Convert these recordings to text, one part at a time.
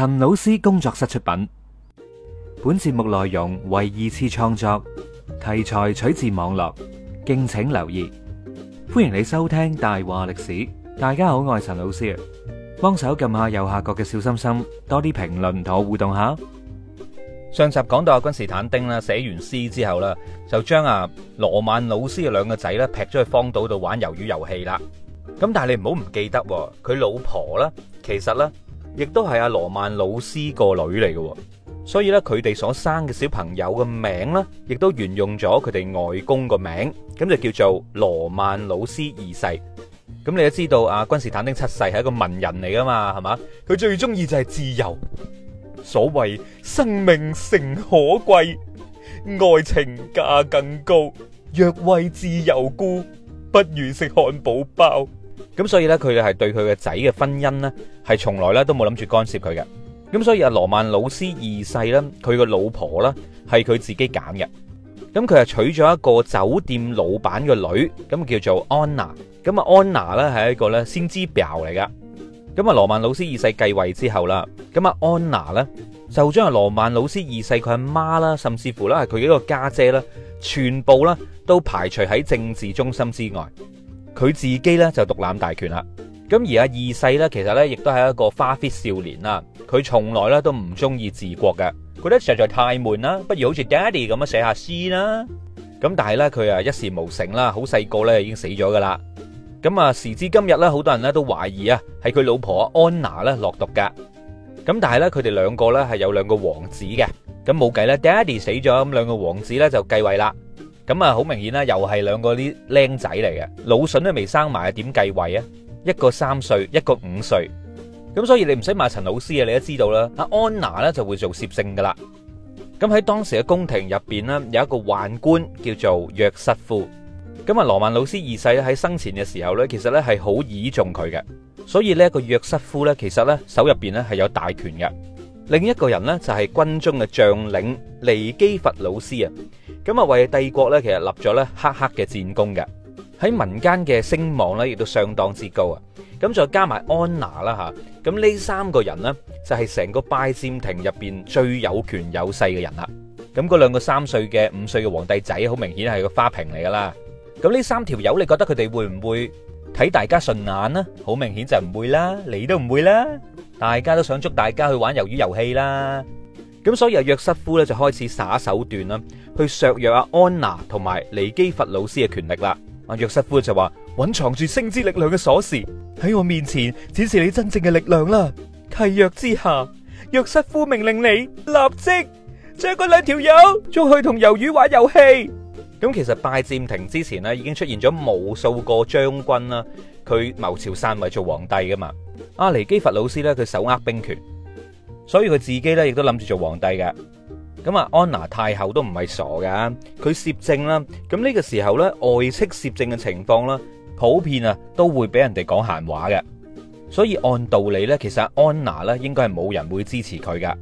陳老師工作室出品，本節目內容為二次創作，題材取自網絡，敬請留意。歡迎你收聽《大話歷史》，大家好，我係陳老師啊，幫手撳下右下角嘅小心心，多啲評論同我互動下。上集講到阿君士坦丁啦，寫完詩之後啦，就將阿羅曼老師嘅兩個仔咧，劈咗去荒島度玩魷魚遊戲啦。咁但係你唔好唔記得，佢老婆啦，其實啦。亦都係阿羅曼努斯個女嚟嘅，所以咧，佢哋所生嘅小朋友嘅名咧，亦都沿用咗佢哋外公個名，咁就叫做羅曼努斯二世。咁你都知道，阿君士坦丁七世係一個文人嚟噶嘛，係嘛？佢最中意就係自由，所謂生命誠可貴，愛情價更高，若為自由故，不如食漢堡包。咁所以咧，佢哋係對佢嘅仔嘅婚姻咧。係從來咧都冇諗住干涉佢嘅，咁所以阿羅曼老師二世咧，佢個老婆咧係佢自己揀嘅，咁佢係娶咗一個酒店老闆嘅女，咁叫做安娜，咁啊安娜咧係一個咧先知婊嚟噶，咁啊羅曼老師二世繼位之後啦，咁啊安娜咧就將阿羅曼老師二世佢阿媽啦，甚至乎啦係佢幾個家姐啦，全部啦都排除喺政治中心之外，佢自己咧就獨攬大權啦。咁而阿二世咧，其實咧亦都係一個花 fit 少年啦。佢從來咧都唔中意治國嘅，覺得實在太悶啦，不如好似爹哋咁樣，寫下詩啦。咁但係咧，佢啊一事無成啦，好細個咧已經死咗噶啦。咁啊，時至今日咧，好多人咧都懷疑啊，係佢老婆安娜咧落毒噶。咁但係咧，佢哋兩個咧係有兩個王子嘅。咁冇計啦，爹哋死咗，咁兩個王子咧就繼位啦。咁啊，好明顯啦，又係兩個啲僆仔嚟嘅，老笋都未生埋啊，點繼位啊？一個三歲，一個五歲，咁所以你唔使買陳老師啊，你都知道啦。阿安娜咧就會做攝政噶啦。咁喺當時嘅宮廷入邊呢，有一個宦官叫做約瑟夫，咁啊羅曼老師二世喺生前嘅時候呢，其實呢係好倚重佢嘅。所以呢個約瑟夫呢，其實呢手入邊呢係有大權嘅。另一個人呢，就係、是、軍中嘅將領尼基弗老師啊，咁啊為帝國呢，其實立咗呢黑黑嘅戰功嘅。喺民間嘅聲望咧，亦都相當之高啊！咁再加埋安娜啦，嚇咁呢三個人咧，就係成個拜占庭入邊最有權有勢嘅人啦。咁嗰兩個三歲嘅五歲嘅皇帝仔，好明顯係個花瓶嚟噶啦。咁呢三條友，你覺得佢哋會唔會睇大家順眼咧？好明顯就唔會啦，你都唔會啦，大家都想捉大家去玩魷魚遊戲啦。咁所以阿約瑟夫咧就開始耍手段啦，去削弱阿安娜同埋尼基弗老師嘅權力啦。阿約瑟夫就話：蘊藏住星之力量嘅鎖匙喺我面前展示你真正嘅力量啦！契約之下，約瑟夫命令你立即將嗰兩條友捉去同魷魚玩遊戲。咁其實拜占庭之前咧已經出現咗無數個將軍啦，佢謀朝篡位做皇帝噶嘛。阿尼基弗老師咧佢手握兵權，所以佢自己咧亦都諗住做皇帝嘅。咁啊，安娜太后都唔係傻噶，佢攝政啦。咁呢個時候呢，外戚攝政嘅情況啦，普遍啊都會俾人哋講閒話嘅。所以按道理呢，其實安娜呢應該係冇人會支持佢噶。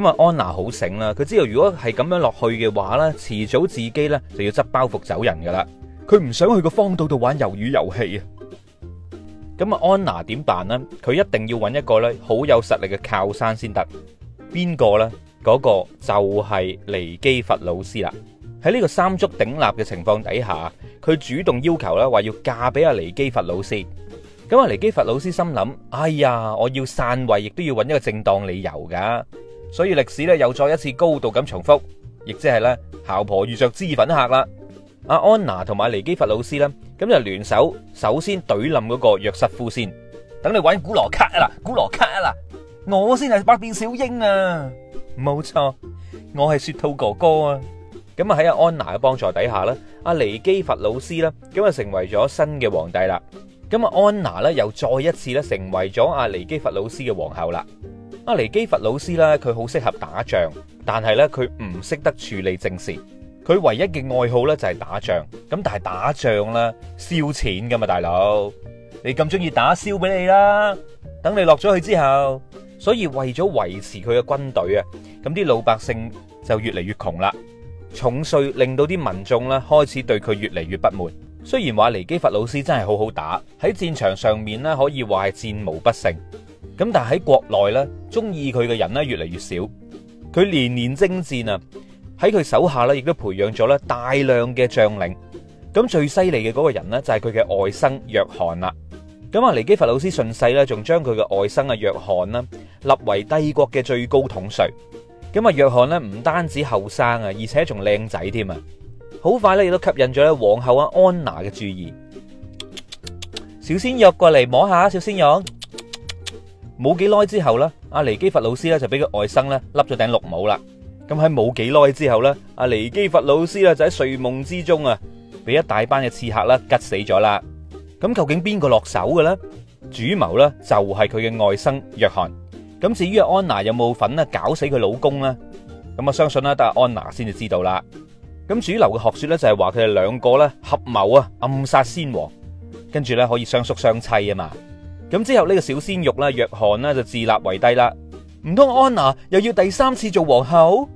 咁啊，安娜好醒啦，佢知道如果係咁樣落去嘅話呢，遲早自己呢就要執包袱走人噶啦。佢唔想去個荒島度玩魷魚遊戲啊。咁啊，安娜點辦呢？佢一定要揾一個呢好有實力嘅靠山先得。邊個呢？嗰個就係尼基佛老師啦，喺呢個三足鼎立嘅情況底下，佢主動要求咧話要嫁俾阿尼基佛老師。咁阿尼基佛老師心諗：哎呀，我要篡位，亦都要揾一個正當理由噶。所以歷史咧又再一次高度咁重複，亦即係咧，姣婆遇著脂粉客啦。阿安娜同埋尼基佛老師咧，咁就聯手首先懟冧嗰個約瑟夫先，等你揾古羅卡啊啦，古羅卡啊啦，我先係百變小櫻啊！冇錯，我係雪兔哥哥啊！咁啊喺阿安娜嘅幫助底下啦，阿尼基佛老師啦，咁啊成為咗新嘅皇帝啦。咁啊安娜咧又再一次咧成為咗阿尼基佛老師嘅皇后啦。阿尼基佛老師咧，佢好適合打仗，但係咧佢唔識得處理政事。佢唯一嘅愛好咧就係打仗。咁但係打仗咧燒錢噶嘛，大佬你咁中意打燒俾你啦，等你落咗去之後。所以為咗維持佢嘅軍隊啊，咁啲老百姓就越嚟越窮啦，重稅令到啲民眾咧開始對佢越嚟越不滿。雖然話尼基弗老斯真係好好打，喺戰場上面咧可以話係戰無不勝，咁但係喺國內咧，中意佢嘅人咧越嚟越少。佢年年征戰啊，喺佢手下咧亦都培養咗咧大量嘅將領。咁最犀利嘅嗰個人呢，就係佢嘅外甥約翰啦。咁啊，尼基佛老師順勢咧，仲將佢嘅外甥啊約翰啦立為帝國嘅最高統帥。咁啊，約翰咧唔單止後生啊，而且仲靚仔添啊！好快咧，亦都吸引咗皇后啊安娜嘅注意。小仙友過嚟摸下，小仙友。冇幾耐之後咧，阿尼基佛老師咧就俾佢外甥咧笠咗頂綠帽啦。咁喺冇幾耐之後咧，阿尼基佛老師啊就喺睡夢之中啊，俾一大班嘅刺客啦吉死咗啦。咁究竟邊個落手嘅咧？主謀咧就係佢嘅外甥約翰。咁至於阿安娜有冇份咧搞死佢老公咧？咁啊相信啦，但係安娜先就知道啦。咁主流嘅學說咧就係話佢哋兩個咧合謀啊暗殺先王，跟住咧可以相宿相棲啊嘛。咁之後呢個小鮮肉啦，約翰呢就自立為帝啦。唔通安娜又要第三次做皇后？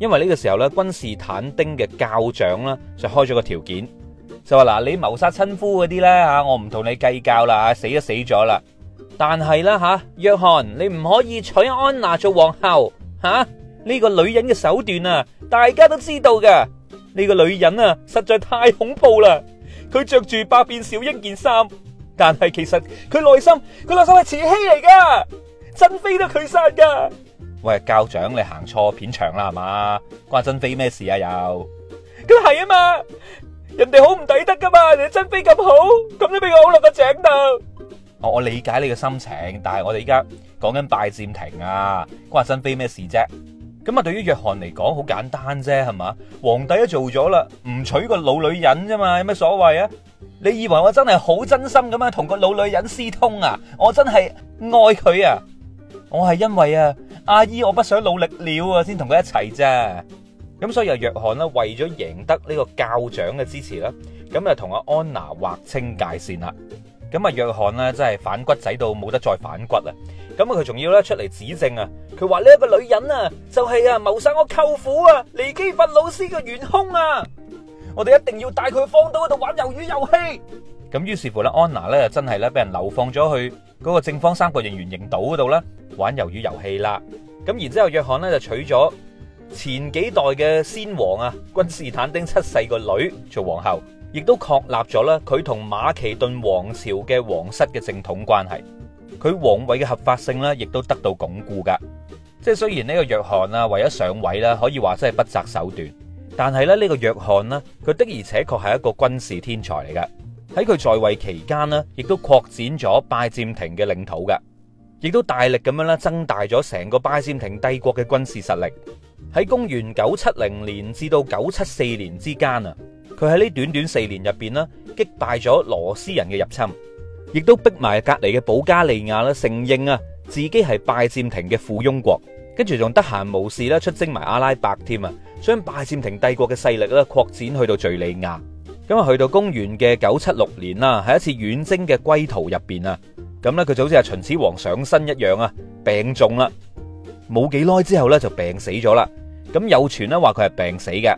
因為呢個時候咧，君士坦丁嘅教長啦就開咗個條件。就話嗱，你謀殺親夫嗰啲咧吓，我唔同你計較啦，死都死咗啦。但係啦吓，約翰，你唔可以娶安娜做皇后吓。呢個女人嘅手段啊，大家都知道噶。呢個女人啊，實在太恐怖啦。佢着住百變小櫻件衫，但係其實佢內心佢內心係慈禧嚟噶，珍妃都佢殺噶。喂，校長，你行錯片場啦係嘛？關珍妃咩事啊又？咁係啊嘛。人哋好唔抵得噶嘛？你珍妃咁好，咁都俾我落個井度。我我理解你嘅心情，但係我哋依家講緊拜占庭啊，關珍妃咩事啫？咁啊，對於約翰嚟講好簡單啫，係嘛？皇帝都做咗啦，唔娶個老女人啫嘛，有咩所謂啊？你以為我真係好真心咁樣同個老女人私通啊？我真係愛佢啊！我係因為啊，阿姨我不想努力了啊，先同佢一齊啫。咁所以由約翰咧為咗贏得呢個教長嘅支持咧，咁就同阿安娜劃清界線啦。咁啊，約翰咧真係反骨仔到冇得再反骨啦。咁啊，佢仲要咧出嚟指證啊，佢話呢一個女人啊，就係啊謀殺我舅父啊，尼基弗魯斯嘅元凶啊！我哋一定要帶佢放到度玩魷魚遊戲。咁於是乎咧，安娜咧真係咧俾人流放咗去嗰個正方三角形圓形島嗰度啦，玩魷魚遊戲啦。咁然之後，約翰咧就娶咗。前幾代嘅先王啊，君士坦丁七世個女做皇后，亦都確立咗啦。佢同馬其頓王朝嘅皇室嘅正統關係，佢皇位嘅合法性呢，亦都得到鞏固噶。即係雖然呢個約翰啊，為咗上位啦，可以話真係不擇手段，但係咧呢個約翰呢，佢的而且確係一個軍事天才嚟噶。喺佢在位期間呢，亦都擴展咗拜占庭嘅領土噶，亦都大力咁樣啦，增大咗成個拜占庭帝國嘅軍事實力。喺公元九七零年至到九七四年之間啊，佢喺呢短短四年入邊啦，擊敗咗羅斯人嘅入侵，亦都逼埋隔籬嘅保加利亞啦，承認啊自己係拜占庭嘅附庸國，跟住仲得閒無事啦，出征埋阿拉伯添啊，將拜占庭帝國嘅勢力咧擴展去到敘利亞。咁啊，去到公元嘅九七六年啦，喺一次遠征嘅歸途入邊啊，咁咧佢就好似係秦始皇上身一樣啊，病重啦。冇幾耐之後咧就病死咗啦，咁有傳咧話佢係病死嘅，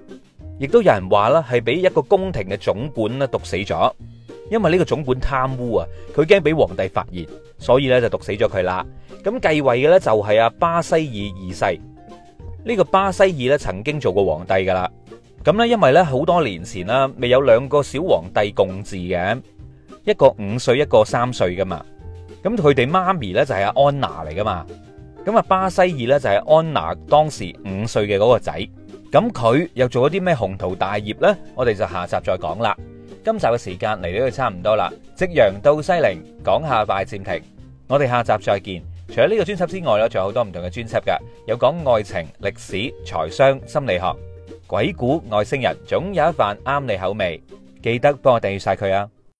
亦都有人話咧係俾一個宮廷嘅總管咧毒死咗，因為呢個總管貪污啊，佢驚俾皇帝發現，所以咧就毒死咗佢啦。咁繼位嘅咧就係阿巴西爾二世，呢個巴西爾咧曾經做過皇帝噶啦，咁咧因為咧好多年前啦，未有兩個小皇帝共治嘅，一個五歲一個三歲噶嘛，咁佢哋媽咪咧就係阿安娜嚟噶嘛。咁啊，巴西二咧就係、是、安娜當時五歲嘅嗰個仔，咁佢又做咗啲咩鴻圖大業呢？我哋就下集再講啦。今集嘅時間嚟到就差唔多啦，夕陽到西陵，講下拜占庭，我哋下集再見。除咗呢個專輯之外，咧仲有好多唔同嘅專輯噶，有講愛情、歷史、財商、心理學、鬼故、外星人，總有一範啱你口味。記得幫我訂閱晒佢啊！